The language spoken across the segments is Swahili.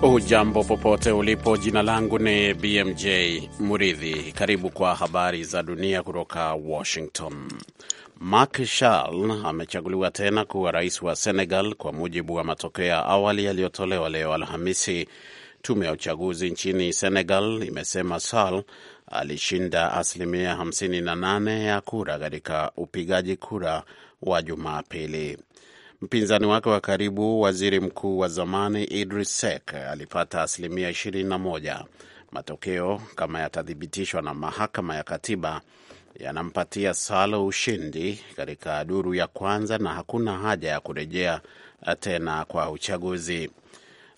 Hujambo popote ulipo, jina langu ni BMJ Muridhi. Karibu kwa habari za dunia kutoka Washington. Macky Sall amechaguliwa tena kuwa rais wa Senegal kwa mujibu wa matokeo ya awali yaliyotolewa leo Alhamisi. Tume ya uchaguzi nchini Senegal imesema Sall alishinda asilimia 58 ya kura katika upigaji kura wa Jumapili. Mpinzani wake wa karibu, waziri mkuu wa zamani Idris Sek, alipata asilimia 21. Matokeo kama yatathibitishwa na mahakama ya katiba yanampatia Salo ushindi katika duru ya kwanza na hakuna haja ya kurejea tena kwa uchaguzi.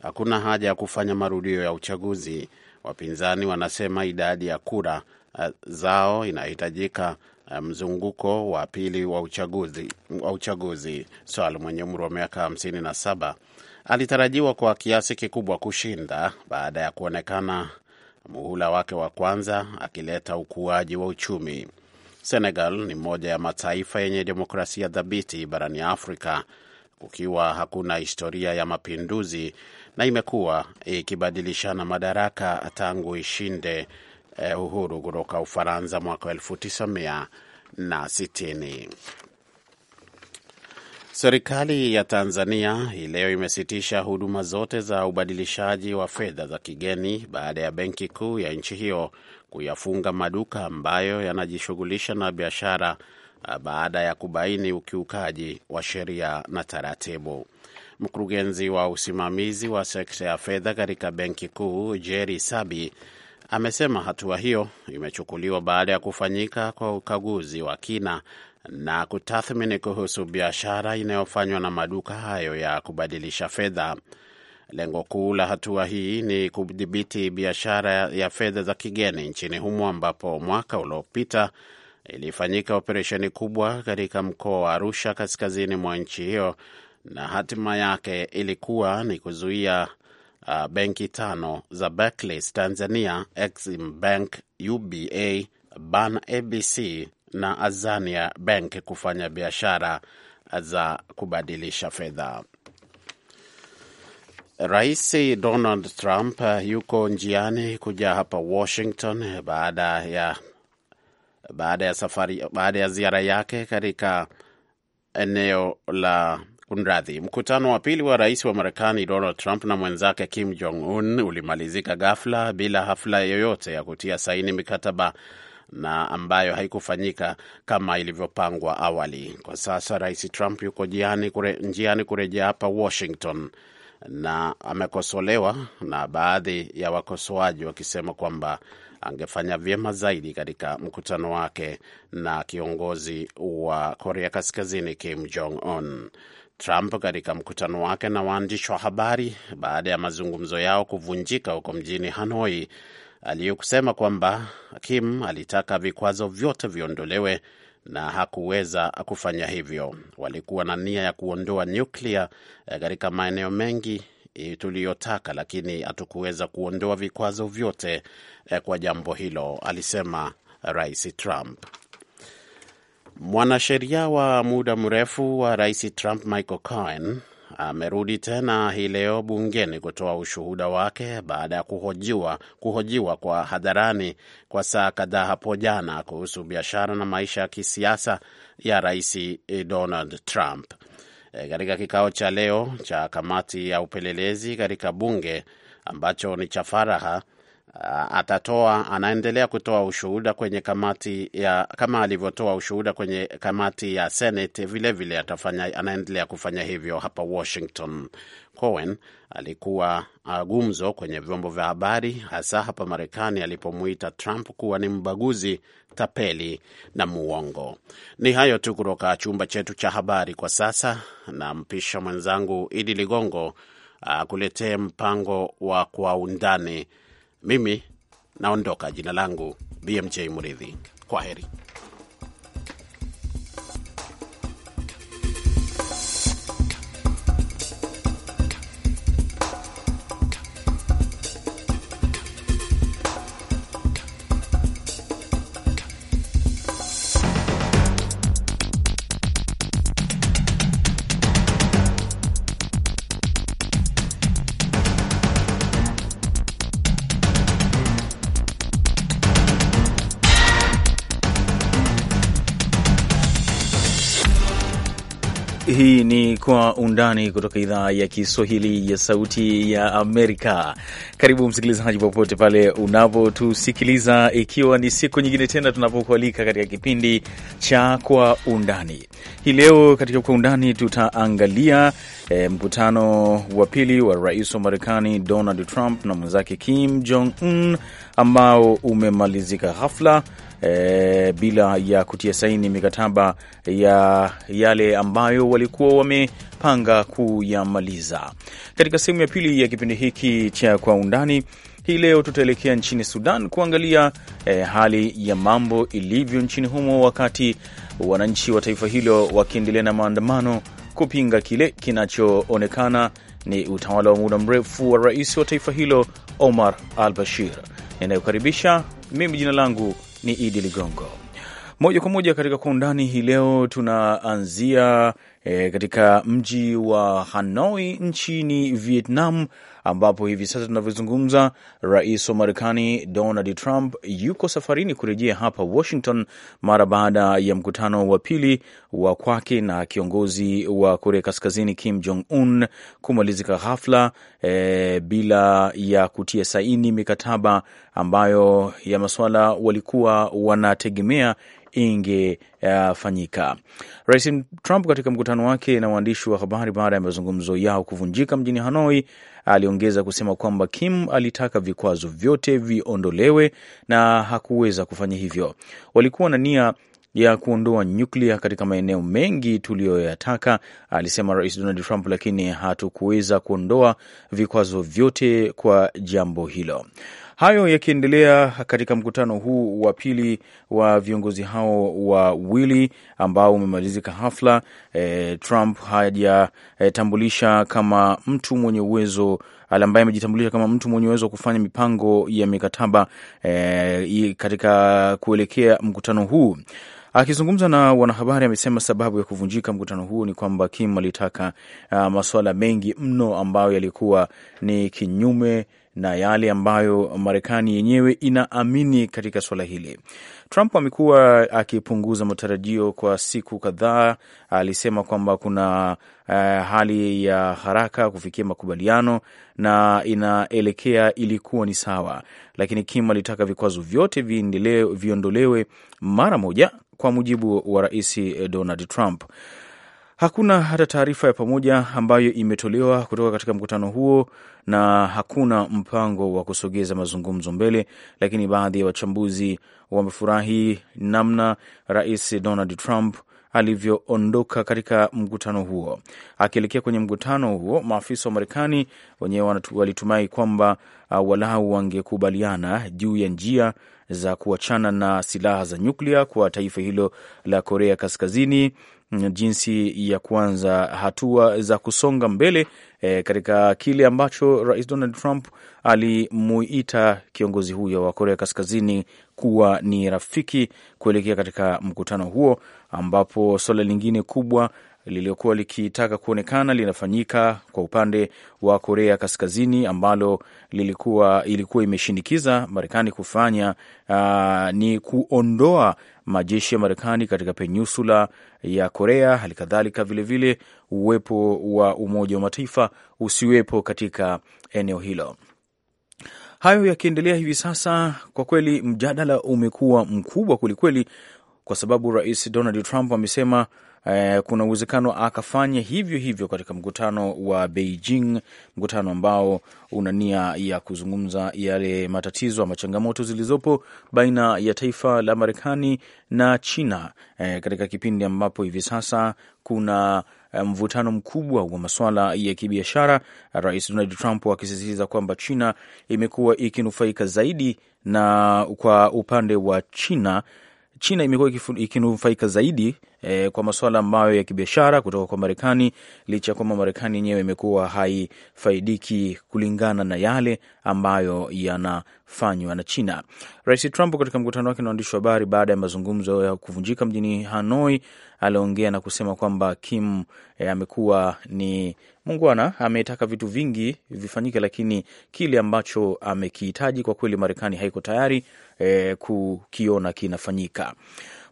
Hakuna haja ya kufanya marudio ya uchaguzi. Wapinzani wanasema idadi ya kura eh, zao inahitajika mzunguko wa pili wa uchaguzi, wa uchaguzi. Sal mwenye umri wa miaka 57 alitarajiwa kwa kiasi kikubwa kushinda baada ya kuonekana muhula wake wa kwanza akileta ukuaji wa uchumi. Senegal ni moja ya mataifa yenye demokrasia dhabiti barani Afrika, kukiwa hakuna historia ya mapinduzi na imekuwa ikibadilishana madaraka tangu ishinde eh, uhuru kutoka Ufaransa mwaka 96 Serikali ya Tanzania hii leo imesitisha huduma zote za ubadilishaji wa fedha za kigeni baada ya benki kuu ya nchi hiyo kuyafunga maduka ambayo yanajishughulisha na biashara eh, baada ya kubaini ukiukaji wa sheria na taratibu. Mkurugenzi wa usimamizi wa sekta ya fedha katika benki kuu Jerry Sabi Amesema hatua hiyo imechukuliwa baada ya kufanyika kwa ukaguzi wa kina na kutathmini kuhusu biashara inayofanywa na maduka hayo ya kubadilisha fedha. Lengo kuu la hatua hii ni kudhibiti biashara ya fedha za kigeni nchini humo, ambapo mwaka uliopita ilifanyika operesheni kubwa katika mkoa wa Arusha, kaskazini mwa nchi hiyo, na hatima yake ilikuwa ni kuzuia uh, benki tano za Barclays Tanzania, Exim Bank, UBA, Ban ABC na Azania Bank kufanya biashara za kubadilisha fedha. Rais Donald Trump uh, yuko njiani kuja hapa Washington baada ya baada ya safari, baada ya ziara yake katika eneo la Unradhi, mkutano wa pili wa rais wa Marekani Donald Trump na mwenzake Kim Jong Un ulimalizika ghafla bila hafla yoyote ya kutia saini mikataba na ambayo haikufanyika kama ilivyopangwa awali. Kwa sasa rais Trump yuko njiani kurejea kure hapa Washington na amekosolewa na baadhi ya wakosoaji wakisema kwamba angefanya vyema zaidi katika mkutano wake na kiongozi wa Korea Kaskazini Kim Jong Un. Trump katika mkutano wake na waandishi wa habari baada ya mazungumzo yao kuvunjika huko mjini Hanoi aliyokusema kwamba Kim alitaka vikwazo vyote viondolewe na hakuweza kufanya hivyo. Walikuwa na nia ya kuondoa nyuklia eh, katika maeneo mengi eh, tuliyotaka, lakini hatukuweza kuondoa vikwazo vyote eh, kwa jambo hilo, alisema Rais Trump. Mwanasheria wa muda mrefu wa rais Trump, Michael Cohen, amerudi tena hii leo bungeni kutoa ushuhuda wake baada ya kuhojiwa, kuhojiwa kwa hadharani kwa saa kadhaa hapo jana kuhusu biashara na maisha ya kisiasa ya rais Donald Trump. E, katika e, kikao cha leo cha kamati ya upelelezi katika bunge ambacho ni cha faraha Uh, atatoa anaendelea kutoa ushuhuda kwenye kamati ya kama alivyotoa ushuhuda kwenye kamati ya Senate. Vilevile vile atafanya anaendelea kufanya hivyo hapa Washington. Cohen alikuwa uh, gumzo kwenye vyombo vya habari hasa hapa Marekani alipomuita Trump kuwa ni mbaguzi, tapeli na muongo. Ni hayo tu kutoka chumba chetu cha habari kwa sasa, na mpisha mwenzangu Idi Ligongo akuletee uh, mpango wa kwa undani mimi naondoka, jina langu BMJ Muridhi, kwa heri. ni Kwa Undani kutoka idhaa ya Kiswahili ya Sauti ya Amerika. Karibu msikilizaji, popote pale unapotusikiliza, ikiwa ni siku nyingine tena tunapokualika katika kipindi cha Kwa Undani. Hii leo katika kwa undani tutaangalia e, mkutano wa pili wa rais wa Marekani Donald Trump na mwenzake Kim Jong Un ambao umemalizika ghafla e, bila ya kutia saini mikataba ya yale ambayo walikuwa wamepanga kuyamaliza. Katika sehemu ya pili ya kipindi hiki cha kwa undani hii leo tutaelekea nchini Sudan kuangalia eh, hali ya mambo ilivyo nchini humo, wakati wananchi wa taifa hilo wakiendelea na maandamano kupinga kile kinachoonekana ni utawala wa muda mrefu wa rais wa taifa hilo Omar al Bashir. Ninayokaribisha mimi, jina langu ni Idi Ligongo. Moja kwa moja katika kwa undani hii leo tunaanzia e, katika mji wa Hanoi nchini Vietnam ambapo hivi sasa tunavyozungumza, rais wa Marekani Donald Trump yuko safarini kurejea hapa Washington mara baada ya mkutano wa pili wa kwake na kiongozi wa Korea Kaskazini Kim Jong Un kumalizika ghafla e, eh, bila ya kutia saini mikataba ambayo ya masuala walikuwa wanategemea ingefanyika. Uh, Rais Trump katika mkutano wake na waandishi wa habari baada ya mazungumzo yao kuvunjika mjini Hanoi aliongeza kusema kwamba Kim alitaka vikwazo vyote viondolewe na hakuweza kufanya hivyo. Walikuwa na nia ya kuondoa nyuklia katika maeneo mengi tuliyoyataka, alisema Rais Donald Trump, lakini hatukuweza kuondoa vikwazo vyote kwa jambo hilo. Hayo yakiendelea katika mkutano huu wa pili wa viongozi hao wawili ambao umemalizika hafla. E, Trump hajatambulisha e, kama mtu mwenye uwezo ambaye amejitambulisha kama mtu mwenye uwezo wa kufanya mipango ya mikataba e, katika kuelekea mkutano huu. Akizungumza na wanahabari amesema sababu ya kuvunjika mkutano huo ni kwamba Kim alitaka uh, ah, masuala mengi mno ambayo yalikuwa ni kinyume na yale ambayo Marekani yenyewe inaamini katika suala hili. Trump amekuwa akipunguza matarajio kwa siku kadhaa. Alisema kwamba kuna uh, hali ya haraka kufikia makubaliano na inaelekea ilikuwa ni sawa, lakini Kim alitaka vikwazo vyote viondolewe mara moja, kwa mujibu wa Rais Donald Trump. Hakuna hata taarifa ya pamoja ambayo imetolewa kutoka katika mkutano huo na hakuna mpango wa kusogeza mazungumzo mbele, lakini baadhi ya wachambuzi wamefurahi namna Rais Donald Trump alivyoondoka katika mkutano huo. Akielekea kwenye mkutano huo, maafisa wa Marekani wenyewe walitumai kwamba uh, walau wangekubaliana juu ya njia za kuachana na silaha za nyuklia kwa taifa hilo la Korea Kaskazini, mm, jinsi ya kuanza hatua za kusonga mbele e, katika kile ambacho Rais Donald Trump alimuita kiongozi huyo wa Korea Kaskazini kuwa ni rafiki kuelekea katika mkutano huo ambapo suala lingine kubwa lililokuwa likitaka kuonekana linafanyika kwa upande wa Korea Kaskazini ambalo lilikuwa, ilikuwa imeshinikiza Marekani kufanya uh, ni kuondoa majeshi ya Marekani katika peninsula ya Korea, hali kadhalika vilevile uwepo wa Umoja wa Mataifa usiwepo katika eneo hilo. Hayo yakiendelea hivi sasa, kwa kweli mjadala umekuwa mkubwa kwelikweli kwa sababu Rais Donald Trump amesema eh, kuna uwezekano akafanya hivyo hivyo katika mkutano wa Beijing, mkutano ambao una nia ya kuzungumza yale matatizo ama changamoto zilizopo baina ya taifa la Marekani na China eh, katika kipindi ambapo hivi sasa kuna eh, mvutano mkubwa wa masuala ya kibiashara, Rais Donald Trump akisisitiza kwamba China imekuwa ikinufaika zaidi na kwa upande wa China China imekuwa ikinufaika zaidi e, kwa masuala ambayo ya kibiashara kutoka kwa Marekani, licha ya kwamba Marekani yenyewe imekuwa haifaidiki kulingana na yale ambayo yanafanywa na China. Rais Trump katika mkutano wake na waandishi wa habari baada ya mazungumzo ya kuvunjika mjini Hanoi aliongea na kusema kwamba Kim e, amekuwa ni mungwana, ametaka vitu vingi vifanyike, lakini kile ambacho amekihitaji kwa kweli Marekani haiko tayari e, kukiona kinafanyika.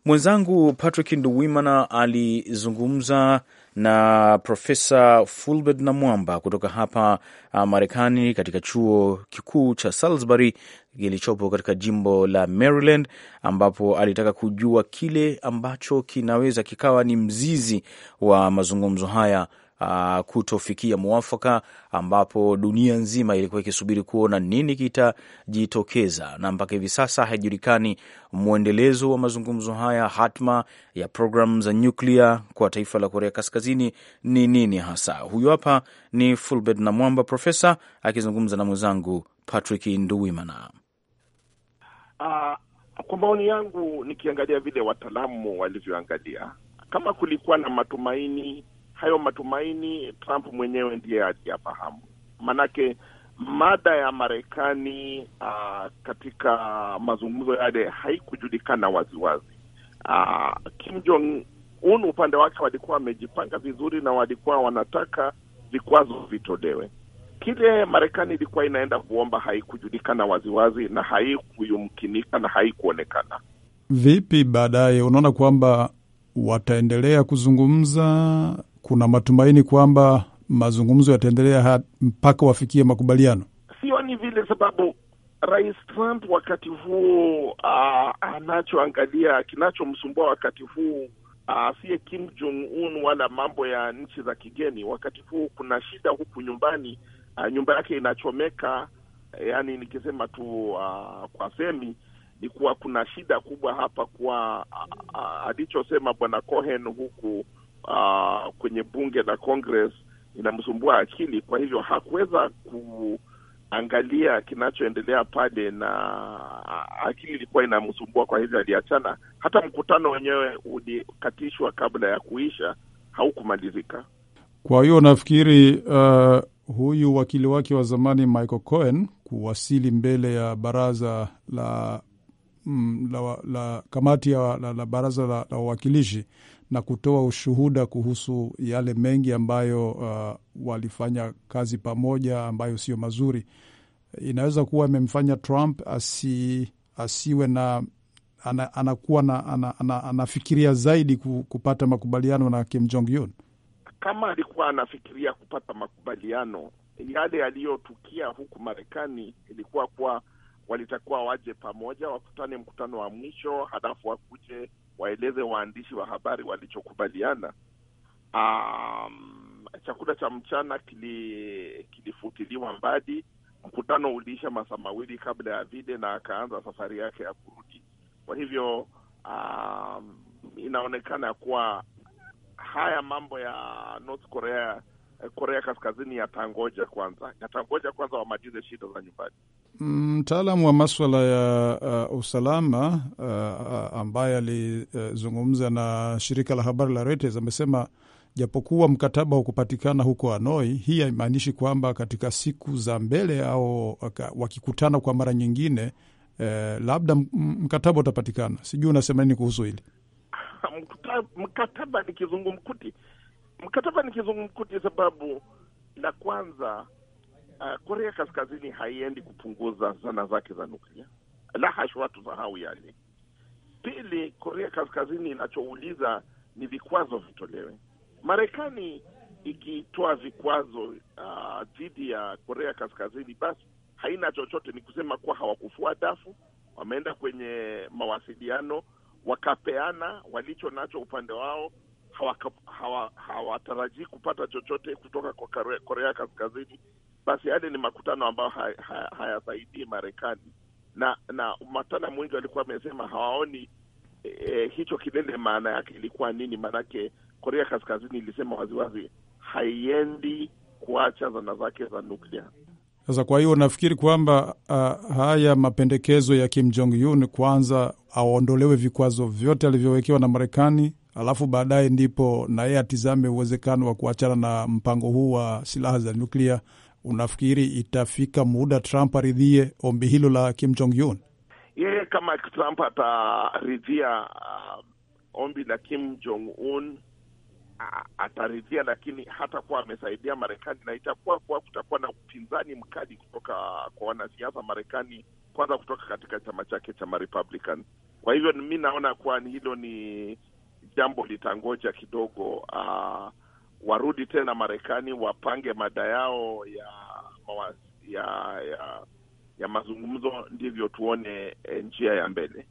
Mwenzangu Patrick Nduwimana alizungumza na Profesa Fulbert Namwamba kutoka hapa uh, Marekani, katika chuo kikuu cha Salisbury kilichopo katika jimbo la Maryland, ambapo alitaka kujua kile ambacho kinaweza kikawa ni mzizi wa mazungumzo haya uh, kutofikia mwafaka, ambapo dunia nzima ilikuwa ikisubiri kuona nini kitajitokeza, na mpaka hivi sasa haijulikani mwendelezo wa mazungumzo haya. Hatma ya programu za nyuklia kwa taifa la Korea Kaskazini ni nini hasa? Huyu hapa ni Fulbert na Mwamba, profesa akizungumza na mwenzangu Patrick Nduwimana. Uh, kwa maoni yangu nikiangalia vile wataalamu walivyoangalia, kama kulikuwa na matumaini hayo matumaini Trump mwenyewe ndiye aliyafahamu, manake mada ya Marekani uh, katika mazungumzo yale haikujulikana waziwazi. Uh, Kim Jong Un upande wake walikuwa wamejipanga vizuri na walikuwa wanataka vikwazo vitolewe. Kile Marekani ilikuwa inaenda kuomba haikujulikana waziwazi na haikuyumkinika na haikuonekana. Vipi baadaye, unaona kwamba wataendelea kuzungumza kuna matumaini kwamba mazungumzo yataendelea mpaka wafikie makubaliano? Sioni vile, sababu Rais Trump wakati huu uh, ah, anachoangalia kinachomsumbua wakati huu uh, uh, Kim Jong Un wala mambo ya nchi za kigeni. Wakati huu kuna shida huku nyumbani, uh, nyumba yake inachomeka. Yani nikisema tu uh, kwa semi ni kuwa kuna shida kubwa hapa kwa uh, uh, alichosema Bwana Cohen huku uh, kwenye bunge la Congress inamsumbua akili. Kwa hivyo hakuweza kuangalia kinachoendelea pale, na akili ilikuwa inamsumbua, kwa hivyo aliachana. Hata mkutano wenyewe ulikatishwa kabla ya kuisha, haukumalizika. Kwa hiyo nafikiri uh, huyu wakili wake wa zamani Michael Cohen kuwasili mbele ya baraza la, mm, la, la kamati ya la, la baraza la wawakilishi na kutoa ushuhuda kuhusu yale mengi ambayo uh, walifanya kazi pamoja ambayo sio mazuri. Inaweza kuwa imemfanya Trump asi, asiwe na ana, anakuwa na, ana, ana, anafikiria zaidi kupata makubaliano na Kim Jong Un. Kama alikuwa anafikiria kupata makubaliano, yale yaliyotukia huku Marekani ilikuwa kuwa walitakuwa waje pamoja, wakutane mkutano wa mwisho, halafu wakuje waeleze waandishi wa habari walichokubaliana. Um, chakula cha mchana kili, kilifutiliwa mbali. Mkutano uliisha masaa mawili kabla ya vile, na akaanza safari yake ya kurudi. Kwa hivyo um, inaonekana kuwa haya mambo ya North Korea Korea Kaskazini yatangoja kwanza, yatangoja kwanza wamalize shida za nyumbani. Mtaalamu wa maswala ya uh, usalama uh, ambaye alizungumza uh, na shirika la habari la Reuters amesema japokuwa mkataba kupatikana huko Hanoi, hii haimaanishi kwamba katika siku za mbele au wakikutana kwa mara nyingine eh, labda mkataba utapatikana. Sijui unasema nini kuhusu hili mkataba? Ni kizungumkuti, mkataba ni kizungumkuti, sababu la kwanza uh, Korea Kaskazini haiendi kupunguza zana zake za nuklia, la hasha, watu sahau yale. Pili, Korea Kaskazini inachouliza ni vikwazo vitolewe. Marekani ikitoa vikwazo ah, dhidi uh, ya Korea Kaskazini, basi haina chochote, ni kusema kuwa hawakufua dafu, wameenda kwenye mawasiliano wakapeana walicho nacho upande wao, hawatarajii hawa, hawa kupata chochote kutoka kwa Korea Kaskazini basi yale ni makutano ambayo hayasaidii haya Marekani, na na matana mwingi walikuwa wamesema hawaoni e, e, hicho kilele maana yake ilikuwa nini. Maanake Korea Kaskazini ilisema waziwazi haiendi kuacha zana zake za nuklia. Sasa kwa hiyo nafikiri kwamba uh, haya mapendekezo ya Kim Jong Un kwanza aondolewe vikwazo vyote alivyowekewa na Marekani, alafu baadaye ndipo na yeye atizame uwezekano wa kuachana na mpango huu wa silaha za nyuklia Unafikiri itafika muda Trump aridhie ombi hilo la Kim Jong Un? Yeye kama Trump ataridhia uh, ombi la Kim Jong Un uh, ataridhia, lakini hatakuwa amesaidia Marekani na itakuwa kuwa kutakuwa na upinzani mkali kutoka kwa wanasiasa Marekani, kwanza kutoka katika chama chake cha Marepublican. Kwa hivyo mi naona kuwa hilo ni jambo litangoja kidogo uh, warudi tena Marekani wapange mada yao ya ya ya, ya mazungumzo, ndivyo tuone e, njia ya mbele.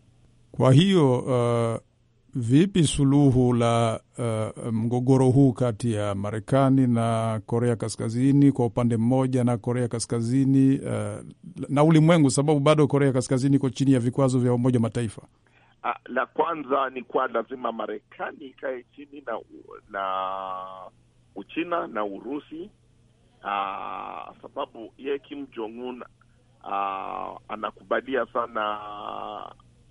Kwa hiyo uh, vipi suluhu la uh, mgogoro huu kati ya Marekani na Korea Kaskazini kwa upande mmoja na Korea Kaskazini uh, na ulimwengu, sababu bado Korea Kaskazini iko chini ya vikwazo vya Umoja Mataifa. Ah, la kwanza ni kuwa lazima Marekani ikae chini na, na Uchina na Urusi aa, ah, sababu ye Kim Jong Un aa, ah, anakubalia sana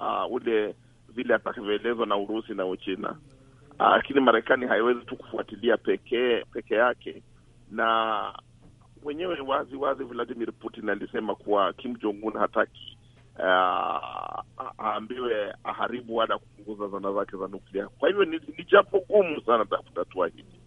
aa, ule vile atakavyoelezwa na Urusi na Uchina, lakini Marekani haiwezi tu kufuatilia pekee peke yake, na mwenyewe wazi wazi Vladimir Putin alisema kuwa Kim Jong Un hataki Uh, aambiwe aharibu wala kupunguza zana zake za nuklia. Kwa hivyo ni, ni jambo gumu sana tafuta kutatua hili.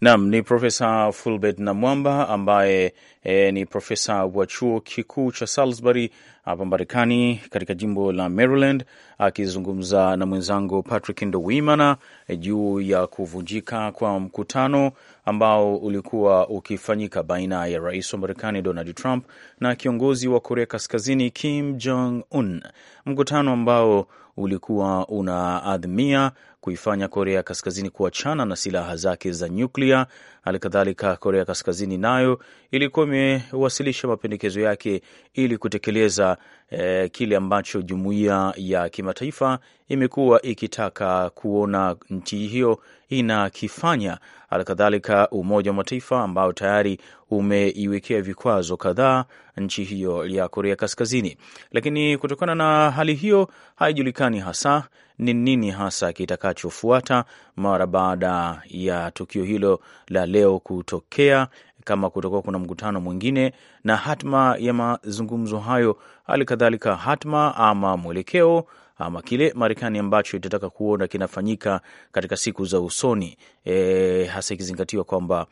Naam, ni Profesa Fulbert Namwamba ambaye e, ni profesa wa chuo kikuu cha Salisbury hapa Marekani, katika jimbo la Maryland, akizungumza na mwenzangu Patrick Ndowimana e, eh, juu ya kuvunjika kwa mkutano ambao ulikuwa ukifanyika baina ya rais wa Marekani Donald Trump na kiongozi wa Korea Kaskazini Kim Jong Un, mkutano ambao ulikuwa unaadhimia kuifanya Korea Kaskazini kuachana na silaha zake za nyuklia. Hali kadhalika, Korea Kaskazini nayo ilikuwa imewasilisha mapendekezo yake ili kutekeleza eh, kile ambacho jumuiya ya kimataifa imekuwa ikitaka kuona nchi hiyo inakifanya. Halikadhalika Umoja wa Mataifa ambao tayari umeiwekea vikwazo kadhaa nchi hiyo ya Korea Kaskazini, lakini kutokana na hali hiyo haijulikani hasa ni nini hasa kitakachofuata mara baada ya tukio hilo la leo kutokea kama kutakuwa kuna mkutano mwingine na hatma ya mazungumzo hayo, hali kadhalika hatma ama mwelekeo ama kile Marekani ambacho itataka kuona kinafanyika katika siku za usoni, e, hasa ikizingatiwa kwamba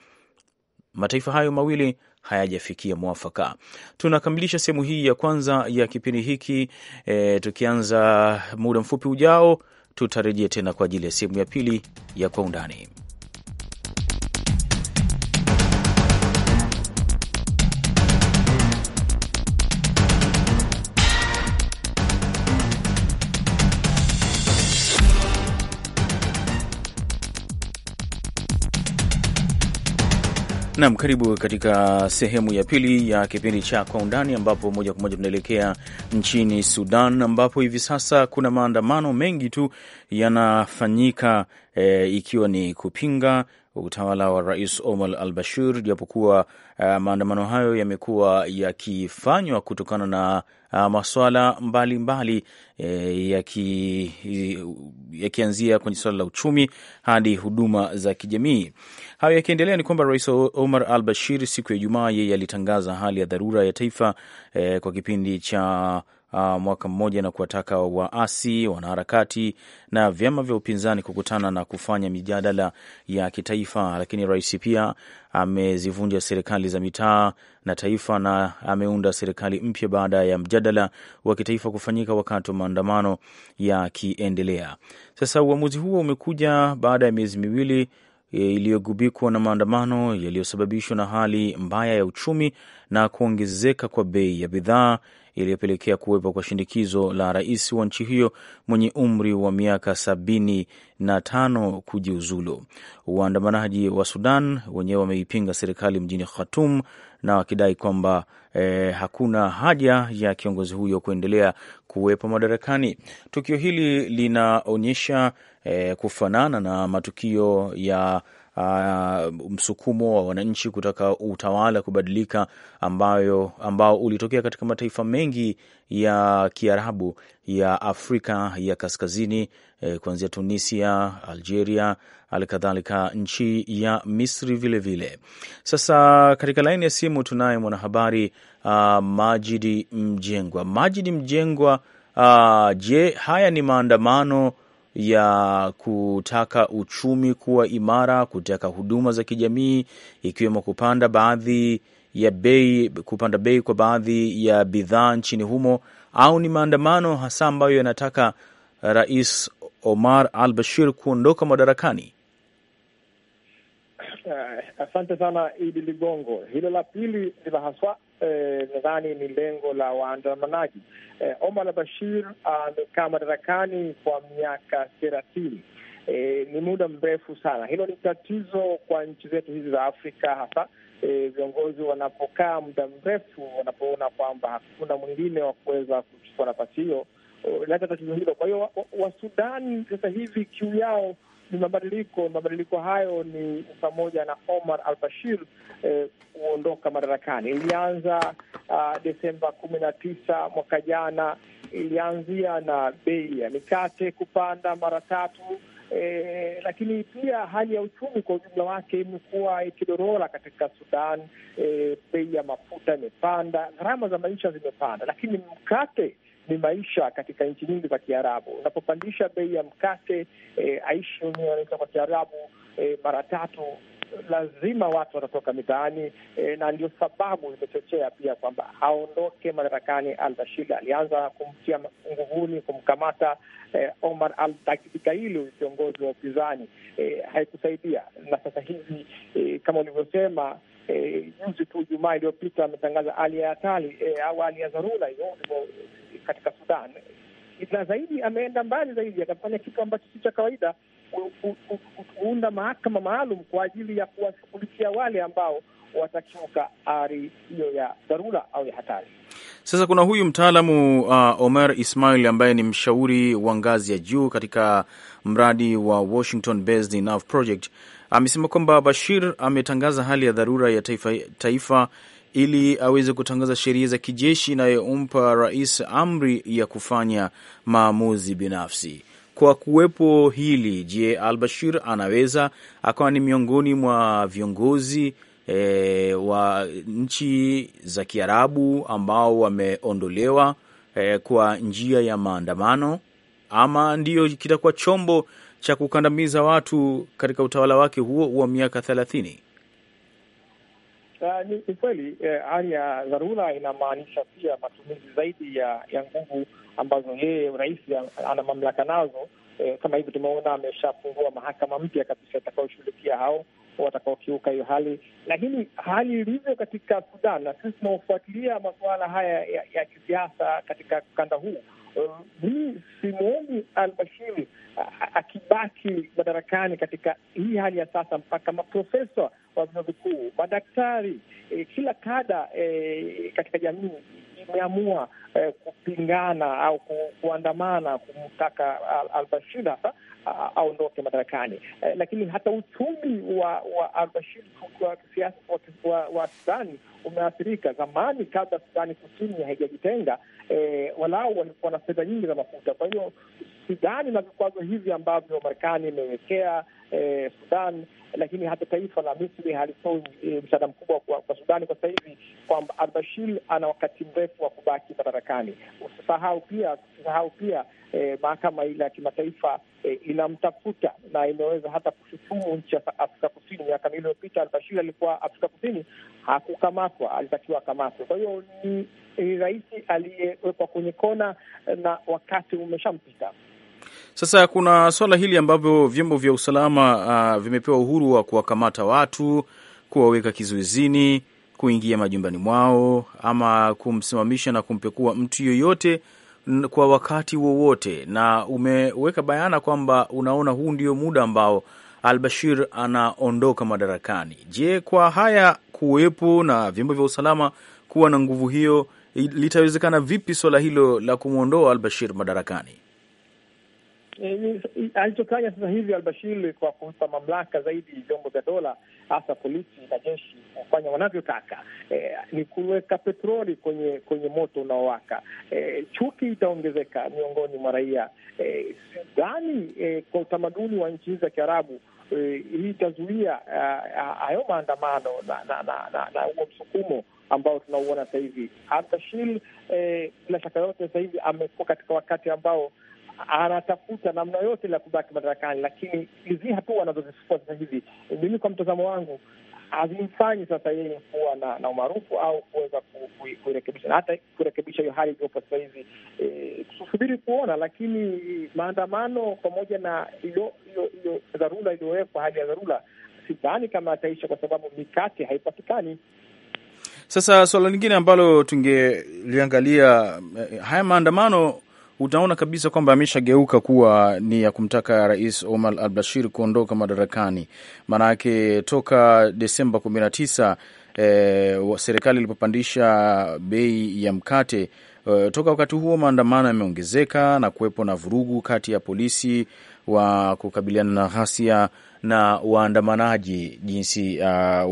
mataifa hayo mawili hayajafikia mwafaka. Tunakamilisha sehemu hii ya kwanza ya kipindi hiki. E, tukianza muda mfupi ujao tutarejea tena kwa ajili ya sehemu ya pili ya Kwa Undani. Nam, karibu katika sehemu ya pili ya kipindi cha Kwa Undani, ambapo moja kwa moja tunaelekea nchini Sudan, ambapo hivi sasa kuna maandamano mengi tu yanafanyika e, ikiwa ni kupinga utawala wa Rais Omar al Bashir, japokuwa uh, maandamano hayo yamekuwa yakifanywa kutokana na uh, maswala mbalimbali e, yakianzia ya kwenye suala la uchumi hadi huduma za kijamii. Hayo yakiendelea ni kwamba Rais Omar Al Bashir siku ya Ijumaa yeye alitangaza hali ya dharura ya taifa eh, kwa kipindi cha uh, mwaka mmoja na kuwataka waasi, wanaharakati na vyama vya upinzani kukutana na kufanya mijadala ya kitaifa. Lakini rais pia amezivunja serikali za mitaa na taifa na ameunda serikali mpya baada ya mjadala wa kitaifa kufanyika wakati wa maandamano yakiendelea. Sasa uamuzi huo umekuja baada ya miezi miwili E, iliyogubikwa na maandamano yaliyosababishwa na hali mbaya ya uchumi na kuongezeka kwa bei ya bidhaa iliyopelekea kuwepo kwa shindikizo la rais wa nchi hiyo mwenye umri wa miaka sabini na tano kujiuzulu. Waandamanaji wa Sudan wenyewe wameipinga serikali mjini Khartoum na wakidai kwamba eh, hakuna haja ya kiongozi huyo kuendelea kuwepo madarakani. Tukio hili linaonyesha e, kufanana na matukio ya Uh, msukumo wa wananchi kutaka utawala kubadilika ambayo, ambao ulitokea katika mataifa mengi ya Kiarabu ya Afrika ya Kaskazini eh, kuanzia Tunisia, Algeria, halikadhalika nchi ya Misri vilevile vile. Sasa katika laini ya simu tunaye mwanahabari uh, Majidi Mjengwa. Majidi Mjengwa, uh, je, haya ni maandamano ya kutaka uchumi kuwa imara, kutaka huduma za kijamii ikiwemo kupanda baadhi ya bei, kupanda bei kwa baadhi ya bidhaa nchini humo, au ni maandamano hasa ambayo yanataka Rais Omar al Bashir kuondoka madarakani? Uh, asante sana Idi Ligongo. Hilo la pili ndilo haswa eh, nadhani ni lengo la waandamanaji eh, Omar al-Bashir ah, amekaa uh, madarakani kwa miaka thelathini. E, ni muda mrefu sana. Hilo ni tatizo kwa nchi zetu hizi za Afrika hasa e, viongozi wanapokaa muda mrefu, wanapoona kwamba hakuna mwingine wa kuweza kuchukua nafasi hiyo, inaca tatizo hilo. Kwa hiyo Wasudani wa sasa hivi kiu yao ni mabadiliko. Mabadiliko hayo ni pamoja na Omar al Bashir eh, kuondoka eh, madarakani. Ilianza uh, Desemba kumi na tisa mwaka jana, ilianzia na bei ya mikate kupanda mara tatu. Eh, lakini pia hali ya uchumi kwa ujumla wake imekuwa ikidorora katika Sudan. Eh, bei ya mafuta imepanda, gharama za maisha zimepanda, lakini mkate ni maisha katika nchi nyingi za Kiarabu. Unapopandisha bei ya mkate e, aishi wenyewe wanaita kwa Kiarabu e, mara tatu lazima watu watatoka mitaani e, na ndio sababu imechochea pia kwamba aondoke madarakani al Bashir. Alianza kumtia nguvuni kumkamata e, Omar al Tagdikailu, kiongozi wa upinzani e, haikusaidia, na sasa hivi e, kama ulivyosema Eh, juzi tu Jumaa iliyopita ametangaza hali ya hatari eh, au hali ya dharura hiyo katika Sudan, na zaidi ameenda mbali zaidi akafanya kitu ambacho si cha kawaida, kuunda mahakama maalum kwa ajili ya kuwashughulikia wale ambao watakiuka ari hiyo ya dharura au ya hatari. Sasa kuna huyu mtaalamu uh, Omar Ismail ambaye ni mshauri wa ngazi ya juu katika mradi wa Washington Based Enough Project amesema kwamba Bashir ametangaza hali ya dharura ya taifa, taifa ili aweze kutangaza sheria za kijeshi inayompa rais amri ya kufanya maamuzi binafsi. Kwa kuwepo hili, je, Al Bashir anaweza akawa ni miongoni mwa viongozi e, wa nchi za Kiarabu ambao wameondolewa e, kwa njia ya maandamano, ama ndiyo kitakuwa chombo cha kukandamiza watu katika utawala wake huo wa miaka thelathini. Uh, ni, kweli eh, hali ya dharura inamaanisha pia matumizi zaidi ya ya nguvu ambazo yeye rais ana mamlaka nazo. Eh, kama hivi tumeona ameshafungua mahakama mpya kabisa itakaoshughulikia hao watakaokiuka hiyo hali, lakini hali ilivyo katika Sudan na sisi tunaofuatilia masuala haya ya, ya kisiasa katika ukanda huu Eh, mii uh, simwoni Albashiri akibaki madarakani katika hii hali ya sasa, mpaka maprofesa wa vyuo vikuu, madaktari, e, kila kada e, katika jamii imeamua e, kupingana au ku, kuandamana kumtaka Albashir hasa aondoke madarakani e, lakini hata uchumi wa wa Albashir wa kisiasa wa, wa Sudani umeathirika. Zamani kabla Sudani kusini haijajitenga e, walau walikuwa na fedha nyingi za mafuta, kwa hiyo sudani na vikwazo hivi ambavyo Marekani imewekea eh, Sudan, lakini hata taifa la Misri halitoi eh, msaada mkubwa kwa, kwa Sudani kwa sasa hivi, kwamba Albashir ana wakati mrefu wa kubaki madarakani. Usisahau pia usisahau pia eh, mahakama ile ya kimataifa eh, inamtafuta na imeweza hata kushutumu nchi ya Afrika Kusini. Miaka miwili iliyopita Albashir alikuwa Afrika Kusini, hakukamatwa, alitakiwa akamatwe. Kwa hiyo ni, ni rais aliyewekwa kwenye kona eh, na wakati umeshampita. Sasa kuna swala hili ambavyo vyombo vya usalama uh, vimepewa uhuru wa kuwakamata watu, kuwaweka kizuizini, kuingia majumbani mwao ama kumsimamisha na kumpekua mtu yoyote kwa wakati wowote, na umeweka bayana kwamba unaona huu ndio muda ambao Al-Bashir anaondoka madarakani. Je, kwa haya kuwepo na vyombo vya usalama kuwa na nguvu hiyo, litawezekana vipi swala hilo la kumwondoa Al-Bashir madarakani? E, eh, alichofanya sasa hivi Albashir kwa kuipa mamlaka zaidi vyombo vya dola hasa polisi na jeshi kufanya wanavyotaka, e, ni kuweka petroli kwenye kwenye moto unaowaka. E, chuki itaongezeka miongoni mwa raia dhani, e, e, kwa utamaduni wa nchi hizi za Kiarabu e, hii itazuia hayo maandamano na na, na, na, na huo msukumo ambao tunauona sasa hivi. Albashir bila eh, shaka yote sasa hivi amekuwa katika wakati ambao anatafuta namna yote la kubaki madarakani, lakini hizi hatua anazozichukua sasa hivi, mimi kwa mtazamo wangu hazimfanyi sasa yeye kuwa na, na umaarufu au kuweza kurekebisha hata kurekebisha hiyo hali iliyopo sasa hivi. E, tusubiri kuona, lakini maandamano pamoja na hiyo dharura iliyowekwa, hali ya dharura, sidhani kama ataisha kwa sababu mikate haipatikani. Sasa suala lingine ambalo tungeliangalia, eh, haya maandamano utaona kabisa kwamba ameshageuka kuwa ni ya kumtaka Rais Omar al Bashir kuondoka madarakani. Maanake toka Desemba kumi na tisa eh, serikali ilipopandisha bei ya mkate eh, toka wakati huo maandamano yameongezeka na kuwepo na vurugu kati ya polisi wa kukabiliana na ghasia na waandamanaji, jinsi uh,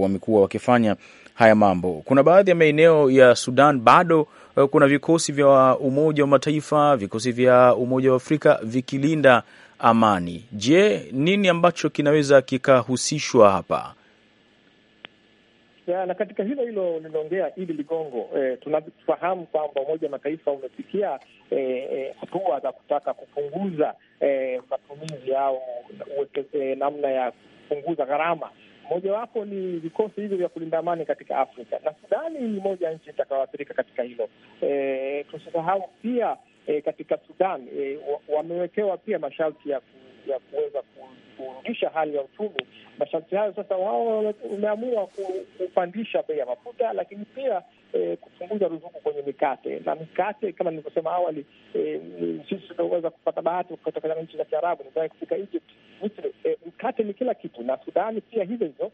wamekuwa wakifanya haya mambo. Kuna baadhi ya maeneo ya Sudan bado Eh, kuna vikosi vya Umoja wa Mataifa, vikosi vya Umoja wa Afrika vikilinda amani. Je, nini ambacho kinaweza kikahusishwa hapa? Ya, na katika hilo hilo linaongea Idi Ligongo eh, tunafahamu kwamba Umoja wa Mataifa umefikia eh, eh, hatua eh, za kutaka kupunguza eh, matumizi au eh, namna ya kupunguza gharama mojawapo ni vikosi hivyo vya kulinda amani katika Afrika, na Sudani ni moja ya nchi itakayoathirika katika hilo. E, tusisahau pia e, katika Sudan e, wamewekewa pia masharti ya ku ya kuweza kurudisha hali ya uchumi. Masharti hayo sasa, wao wameamua kupandisha bei ya mafuta, lakini pia E, kupunguza ruzuku kwenye mikate na mikate, kama nilivyosema awali, eh, sisi tunaweza kupata bahati kutokana na nchi za Kiarabu. Nimewahi kufika Egypt, eh, mkate ni kila kitu, na Sudani pia hivyo hivyo.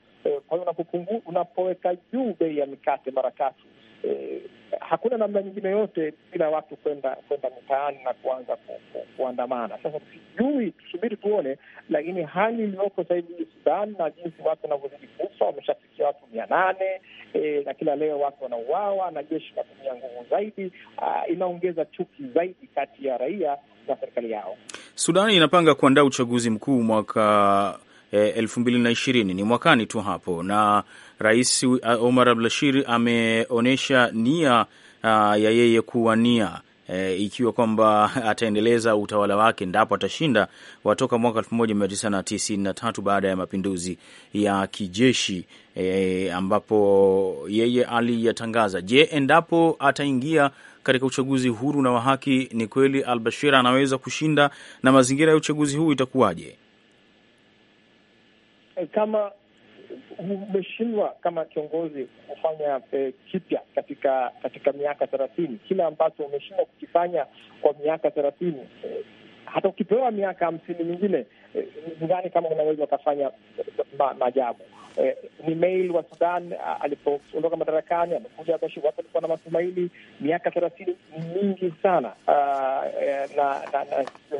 Kwa hiyo unapoweka juu bei ya mikate mara tatu Eh, hakuna namna nyingine yote bila watu kwenda kwenda mitaani na kuanza ku, ku, kuandamana. Sasa sijui, tusubiri tuone, lakini hali iliyoko sasa hivi Sudan na jinsi watu wanavyozidi kufa, wameshafikia watu mia nane eh, na kila leo watu wanauawa na jeshi natumia nguvu zaidi, uh, inaongeza chuki zaidi kati ya raia na serikali yao. Sudani inapanga kuandaa uchaguzi mkuu mwaka eh, elfu mbili na ishirini ni mwakani tu hapo na Rais uh, Omar al ameonyesha nia uh, ya yeye kuwania E, eh, ikiwa kwamba ataendeleza utawala wake ndapo atashinda watoka mwaka tatu baada ya mapinduzi ya kijeshi e, ambapo yeye aliyatangaza. Je, endapo ataingia katika uchaguzi huru na wa haki, ni kweli al-Bashir anaweza kushinda na mazingira ya uchaguzi huu itakuwaje? Kama umeshindwa kama kiongozi kufanya eh, kipya katika katika miaka thelathini, kile ambacho umeshindwa kukifanya kwa miaka thelathini eh, hata ukipewa miaka hamsini mingine eh, sidhani kama unaweza ukafanya maajabu. Eh, ni mail wa Sudan alipoondoka madarakani amekuja watu walikuwa na matumaini miaka thelathini mingi sana, ah, eh, na na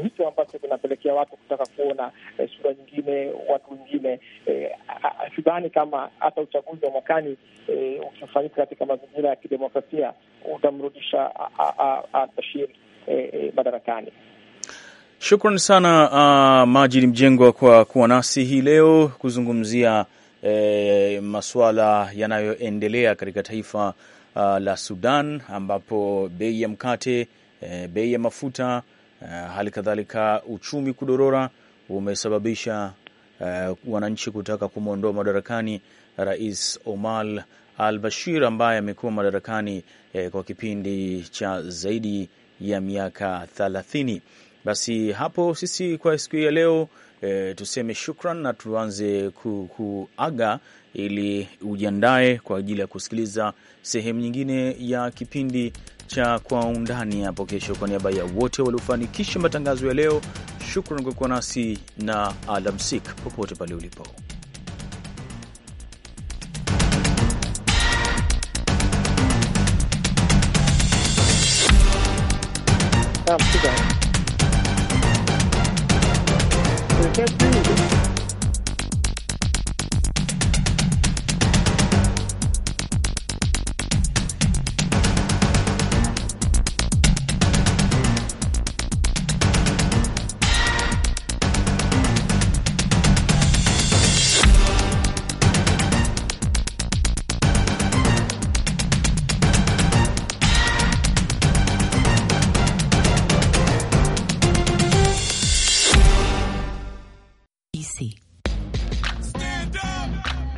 hicho ambacho kinapelekea watu kutaka kuona eh, sura nyingine, watu wengine. Sidhani kama hata uchaguzi wa mwakani ukifanyika katika mazingira ya kidemokrasia utamrudisha Bashir madarakani. Shukran sana uh, Majid Mjengwa kwa kuwa nasi hii leo kuzungumzia eh, masuala yanayoendelea katika taifa uh, la Sudan ambapo bei ya mkate eh, bei ya mafuta eh, hali kadhalika uchumi kudorora umesababisha eh, wananchi kutaka kumwondoa madarakani Rais Omar al-Bashir ambaye amekuwa madarakani eh, kwa kipindi cha zaidi ya miaka thelathini. Basi hapo sisi kwa siku ya leo e, tuseme shukran na tuanze kuaga ili ujiandae kwa ajili ya kusikiliza sehemu nyingine ya kipindi cha Kwa Undani hapo kesho. Kwa niaba ya wote waliofanikisha matangazo ya leo, shukran kwa kuwa nasi na alamsik, popote pale ulipo. É Prefeitura.